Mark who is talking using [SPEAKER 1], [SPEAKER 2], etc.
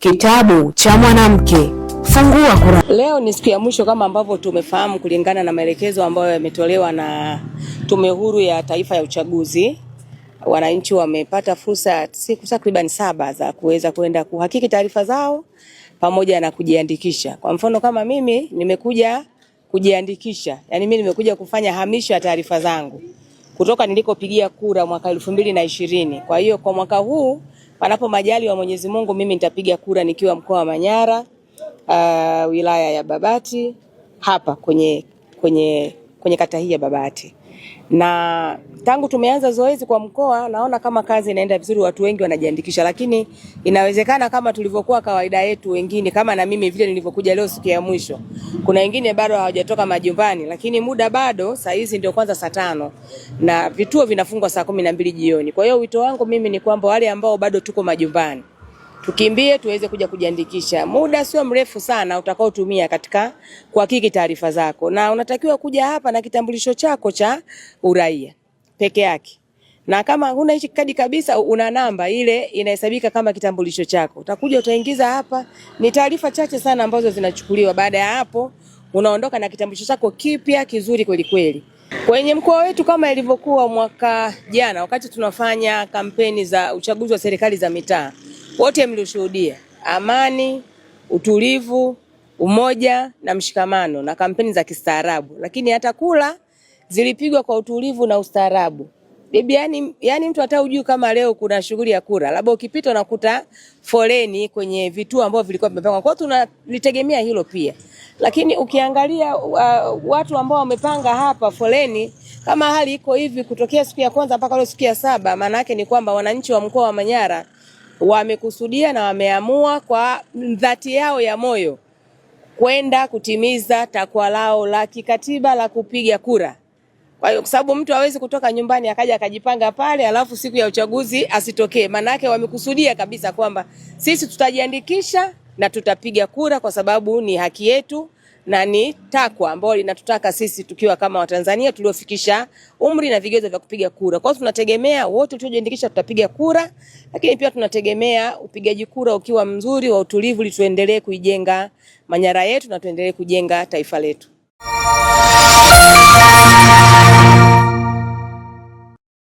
[SPEAKER 1] Kitabu cha mwanamke fungua kura
[SPEAKER 2] Leo ni siku ya mwisho kama ambavyo tumefahamu kulingana na maelekezo ambayo yametolewa na Tume Huru ya Taifa ya Uchaguzi. Wananchi wamepata fursa siku takriban saba za kuweza kwenda kuhakiki taarifa zao pamoja na kujiandikisha. Kwa mfano kama mimi nimekuja kujiandikisha, yani mimi nimekuja kufanya hamisho ya taarifa zangu kutoka nilikopigia kura mwaka elfu mbili na ishirini. Kwa hiyo kwa mwaka huu Panapo majali wa Mwenyezi Mungu, mimi nitapiga kura nikiwa mkoa wa Manyara, uh, wilaya ya Babati hapa kwenye, kwenye, kwenye kata hii ya Babati na tangu tumeanza zoezi kwa mkoa, naona kama kazi inaenda vizuri, watu wengi wanajiandikisha, lakini inawezekana kama tulivyokuwa kawaida yetu, wengine kama na mimi vile nilivyokuja leo siku ya mwisho, kuna wengine bado hawajatoka majumbani, lakini muda bado, saa hizi ndio kwanza saa tano na vituo vinafungwa saa kumi na mbili jioni. Kwa hiyo wito wangu mimi ni kwamba wale ambao bado tuko majumbani tukimbie tuweze kuja kujiandikisha. Muda sio mrefu sana utakaotumia katika kuhakiki taarifa zako, na unatakiwa kuja hapa na kitambulisho chako cha uraia peke yake, na kama huna hichi kadi kabisa, una namba ile inahesabika kama kitambulisho chako. Utakuja utaingiza hapa, ni taarifa chache sana ambazo zinachukuliwa. Baada ya hapo, unaondoka na kitambulisho chako kipya kizuri kweli kweli. Kwenye mkoa wetu kama ilivyokuwa mwaka jana, wakati tunafanya kampeni za uchaguzi wa serikali za mitaa wote mlioshuhudia amani, utulivu, umoja na mshikamano na kampeni za kistaarabu, lakini hata kula zilipigwa kwa utulivu na ustaarabu. Bibi, yani, yani mtu hata ujui kama leo kuna shughuli ya kura, labda ukipita unakuta foleni kwenye vituo ambavyo vilikuwa vimepangwa. Kwa hiyo tunalitegemea hilo pia, lakini ukiangalia uh, watu ambao wamepanga hapa foleni, kama hali iko hivi kutokea siku ya kwanza mpaka leo siku ya saba, maana yake ni kwamba wananchi wa mkoa wa Manyara wamekusudia na wameamua kwa dhati yao ya moyo kwenda kutimiza takwa lao la kikatiba la kupiga kura. Kwa hiyo, kwa sababu mtu hawezi kutoka nyumbani akaja akajipanga pale alafu siku ya uchaguzi asitokee. Maana yake wamekusudia kabisa kwamba sisi tutajiandikisha na tutapiga kura kwa sababu ni haki yetu na ni takwa ambayo linatutaka sisi tukiwa kama Watanzania tuliofikisha umri na vigezo vya kupiga kura. Kwa hiyo tunategemea wote tuliojiandikisha tutapiga kura, lakini pia tunategemea upigaji kura ukiwa mzuri wa utulivu, ili tuendelee kuijenga Manyara yetu na tuendelee kujenga taifa letu.